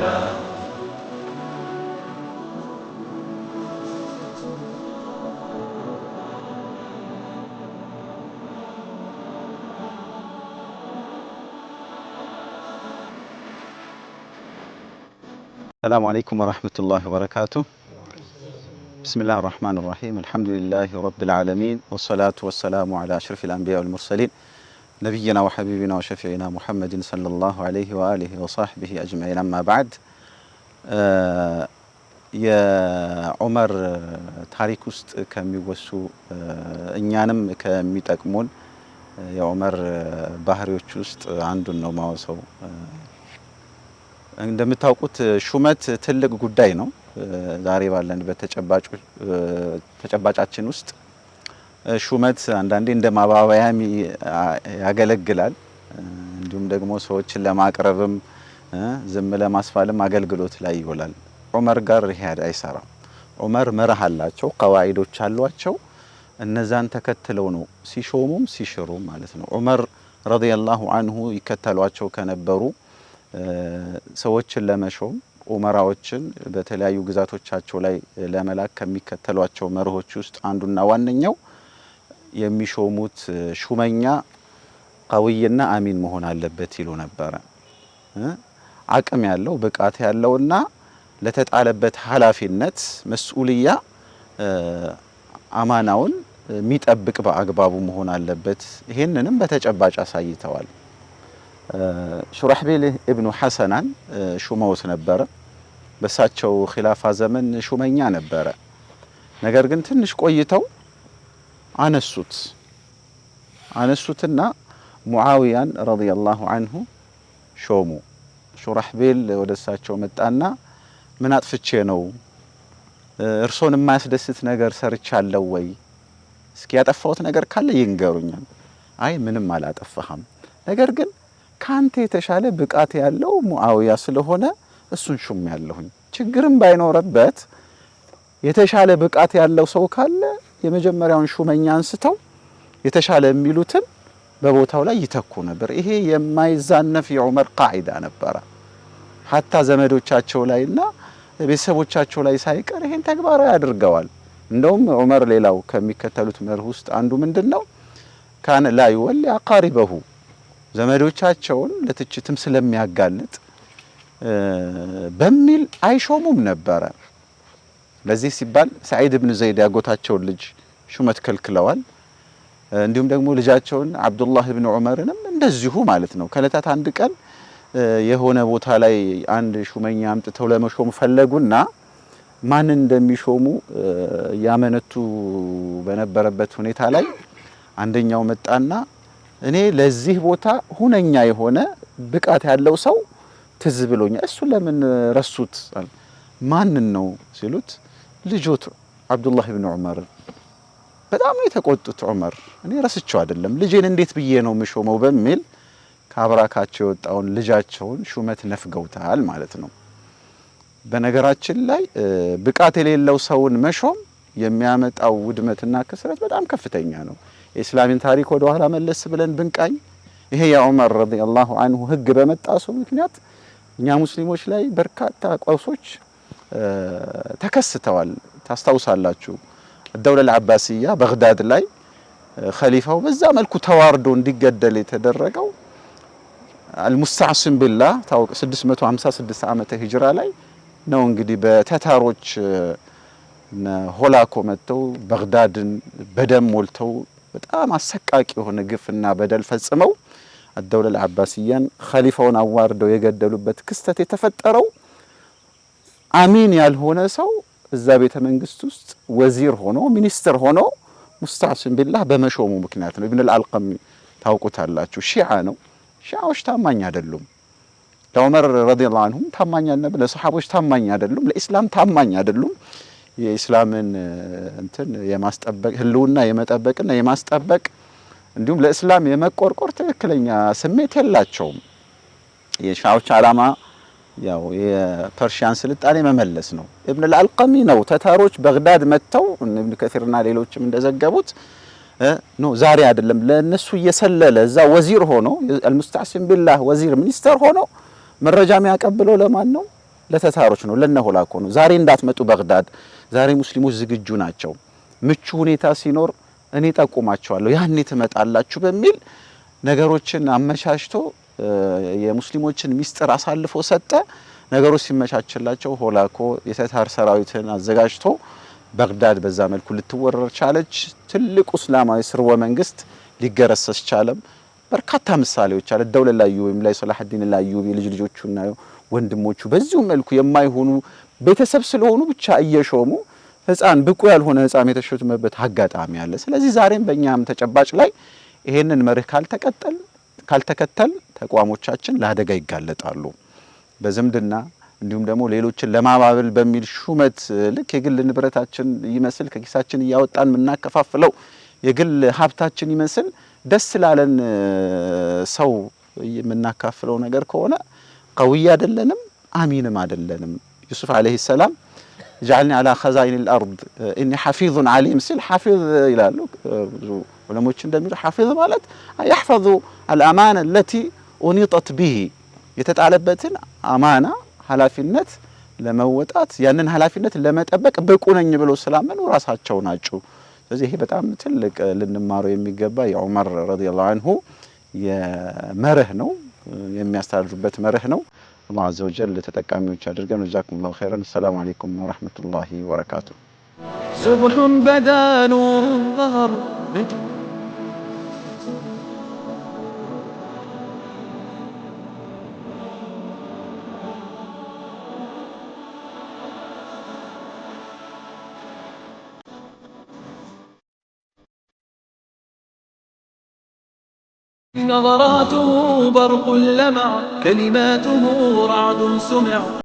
السلام عليكم ورحمة الله وبركاته بسم الله الرحمن الرحيم الحمد لله رب العالمين والصلاة والسلام على أشرف الأنبياء والمرسلين ነቢይና ወሐቢቢና ወሸፊዒና ሙሐመድን ሰለላሁ ዐለይሂ ወአሊሂ ወሳሕቢሂ አጅማዒን አማ በዕድ የዑመር ታሪክ ውስጥ ከሚወሱ እኛንም ከሚጠቅሙን የዑመር ባህሪዎች ውስጥ አንዱን ነው ማወሰው። እንደምታውቁት ሹመት ትልቅ ጉዳይ ነው። ዛሬ ባለን በተጨባጫችን ውስጥ ሹመት አንዳንዴ እንደ ማባበያም ያገለግላል። እንዲሁም ደግሞ ሰዎችን ለማቅረብም ዝም ለማስፋልም አገልግሎት ላይ ይውላል። ዑመር ጋር ሪያድ አይሰራም። ዑመር መርህ አላቸው፣ ቀዋይዶች አሏቸው። እነዛን ተከትለው ነው ሲሾሙም ሲሽሩም ማለት ነው። ዑመር ረዲየላሁ አንሁ ይከተሏቸው ከነበሩ ሰዎችን ለመሾም ኡመራዎችን በተለያዩ ግዛቶቻቸው ላይ ለመላክ ከሚከተሏቸው መርሆች ውስጥ አንዱና ዋነኛው የሚሾሙት ሹመኛ ቀውይና አሚን መሆን አለበት ይሉ ነበረ። አቅም ያለው ብቃት ያለውና ለተጣለበት ኃላፊነት መስኡልያ አማናውን የሚጠብቅ በአግባቡ መሆን አለበት። ይህንንም በተጨባጭ አሳይተዋል። ሹራሕቢል ኢብኑ ሐሰናን ሹመውት ነበረ። በሳቸው ኺላፋ ዘመን ሹመኛ ነበረ። ነገር ግን ትንሽ ቆይተው አነሱት አነሱትና ሙዓዊያን ረዲየላሁ አንሁ ሾሙ። ሹራሕቤል ወደ እሳቸው መጣና ምን አጥፍቼ ነው እርሶን የማያስደስት ነገር ሰርቻለሁ ወይ? እስኪ ያጠፋሁት ነገር ካለ ይንገሩኛል። አይ ምንም አላጠፋህም፣ ነገር ግን ካንተ የተሻለ ብቃት ያለው ሙዓዊያ ስለሆነ እሱን ሹም ያለሁኝ ችግርም ባይኖረበት የተሻለ ብቃት ያለው ሰው ካለ የመጀመሪያውን ሹመኛ አንስተው የተሻለ የሚሉትን በቦታው ላይ ይተኩ ነበር። ይሄ የማይዛነፍ የዑመር ቃዒዳ ነበረ። ሀታ ዘመዶቻቸው ላይና ቤተሰቦቻቸው ላይ ሳይቀር ይሄን ተግባራዊ አድርገዋል። እንደውም ዑመር ሌላው ከሚከተሉት መርህ ውስጥ አንዱ ምንድን ነው? ካነ ላ ዩወሊ አቃሪበሁ ዘመዶቻቸውን ለትችትም ስለሚያጋልጥ በሚል አይሾሙም ነበረ። ለዚህ ሲባል ሰዒድ ብን ዘይድ ያጎታቸውን ልጅ ሹመት ከልክለዋል። እንዲሁም ደግሞ ልጃቸውን አብዱላህ ብን ዑመርንም እንደዚሁ ማለት ነው። ከእለታት አንድ ቀን የሆነ ቦታ ላይ አንድ ሹመኛ አምጥተው ለመሾም ፈለጉና ማንን እንደሚሾሙ ያመነቱ በነበረበት ሁኔታ ላይ አንደኛው መጣና እኔ ለዚህ ቦታ ሁነኛ የሆነ ብቃት ያለው ሰው ትዝ ብሎኛል፣ እሱ ለምን ረሱት? ማንን ነው ሲሉት ልጆት አብዱላህ ብን ዑመር በጣም የተቆጡት ዑመር እኔ ረስቸው አይደለም ልጄን እንዴት ብዬ ነው የምሾመው በሚል ከአብራካቸው የወጣውን ልጃቸውን ሹመት ነፍገውታል ማለት ነው። በነገራችን ላይ ብቃት የሌለው ሰውን መሾም የሚያመጣው ውድመትና ክስረት በጣም ከፍተኛ ነው። የእስላምን ታሪክ ወደ ኋላ መለስ ብለን ብንቃኝ ይሄ የዑመር ረዲየላሁ አንሁ ህግ በመጣሱ ምክንያት እኛ ሙስሊሞች ላይ በርካታ ቀውሶች ተከስተዋል። ታስታውሳላችሁ ደውለል አባስያ በግዳድ ላይ ኸሊፋው በዛ መልኩ ተዋርዶ እንዲገደል የተደረገው አልሙስተዕሲም ቢላህ ታወቀ 656 ዓመተ ሂጅራ ላይ ነው። እንግዲህ በተታሮች ሆላኮ መጥተው በግዳድን በደም ሞልተው በጣም አሰቃቂ የሆነ ግፍና በደል ፈጽመው አደውለል አባስያን ኸሊፋውን አዋርደው የገደሉበት ክስተት የተፈጠረው አሚን ያልሆነ ሰው እዛ ቤተ መንግስት ውስጥ ወዚር ሆኖ ሚኒስትር ሆኖ ሙስተዕሲም ቢላህ በመሾሙ ምክንያት ነው። ኢብን አልቀሚ ታውቁታላችሁ። ሺዓ ነው። ሺዓዎች ታማኝ አይደሉም። ለዑመር ረዲየላሁ አንሁም ታማኝ አልነበረ፣ ለሰሓቦች ታማኝ አይደሉም፣ ለኢስላም ታማኝ አይደሉም። የኢስላምን እንትን የማስጠበቅ ህልውና የመጠበቅና የማስጠበቅ እንዲሁም ለእስላም የመቆርቆር ትክክለኛ ስሜት የላቸውም። የሺዓዎች አላማ ያው የፐርሺያን ስልጣኔ መመለስ ነው። ኢብን አልአልቀሚ ነው ተታሮች በግዳድ መጥተው ኢብን ከፊርና ሌሎችም እንደዘገቡት ኖ ዛሬ አይደለም ለነሱ እየሰለለ እዛ ወዚር ሆኖ አልሙስታሲም ቢላህ ወዚር ሚኒስተር ሆኖ መረጃ የሚያቀብለው ለማን ነው? ለተታሮች ነው፣ ለነሆላኮ ነው። ዛሬ እንዳትመጡ በግዳድ፣ ዛሬ ሙስሊሞች ዝግጁ ናቸው፣ ምቹ ሁኔታ ሲኖር እኔ ጠቁማቸዋለሁ፣ ያኔ ትመጣላችሁ በሚል ነገሮችን አመቻችቶ የሙስሊሞችን ሚስጥር አሳልፎ ሰጠ። ነገሮች ሲመቻችላቸው ሆላኮ የተታር ሰራዊትን አዘጋጅቶ በግዳድ በዛ መልኩ ልትወረር ቻለች። ትልቁ እስላማዊ ስርወ መንግስት ሊገረሰስ ቻለም። በርካታ ምሳሌዎች አለ። ደውለ ላዩቢም ላይ ሰላሐዲን ላዩቢ ልጅ ልጆቹና ወንድሞቹ በዚሁ መልኩ የማይሆኑ ቤተሰብ ስለሆኑ ብቻ እየሾሙ ህፃን ብቁ ያልሆነ ህፃን የተሾመበት አጋጣሚ አለ። ስለዚህ ዛሬም በእኛም ተጨባጭ ላይ ይሄንን መርህ ካልተቀጠል ካልተከተል ተቋሞቻችን ለአደጋ ይጋለጣሉ። በዝምድና እንዲሁም ደግሞ ሌሎችን ለማባበል በሚል ሹመት ልክ የግል ንብረታችን ይመስል ከኪሳችን እያወጣን የምናከፋፍለው የግል ሀብታችን ይመስል ደስ ላለን ሰው የምናካፍለው ነገር ከሆነ ቀውይ አይደለንም፣ አሚንም አይደለንም። ዩሱፍ አለይሂ ሰላም ጃልኒ አላ ከዛይን ልአርድ እኒ ሐፊዙን አሊም ሲል ሐፊዝ ይላሉ ብዙ ዑለሞች እንደሚሉ ሐፊዝ ማለት ያሕፈዙ አልአማና አለቲ ኡኒጠት ቢሂ የተጣለበትን አማና ኃላፊነት ለመወጣት ያንን ኃላፊነት ለመጠበቅ ብቁ ነኝ ብሎ ስላመኑ ራሳቸው ናቸው። ስለዚህ ይሄ በጣም ትልቅ ልንማረው የሚገባ የዑመር ረዲየላሁ አንሁ የመርህ ነው የሚያስተዳድሩበት መርህ ነው። አላህ አዘ ወጀል ተጠቃሚዎች አድርገን። ጀዛኩም ላሁ ኸይረን። ሰላሙ አለይኩም ወረሕመቱላሂ ወበረካቱ። نظراته برق لمع كلماته رعد سمع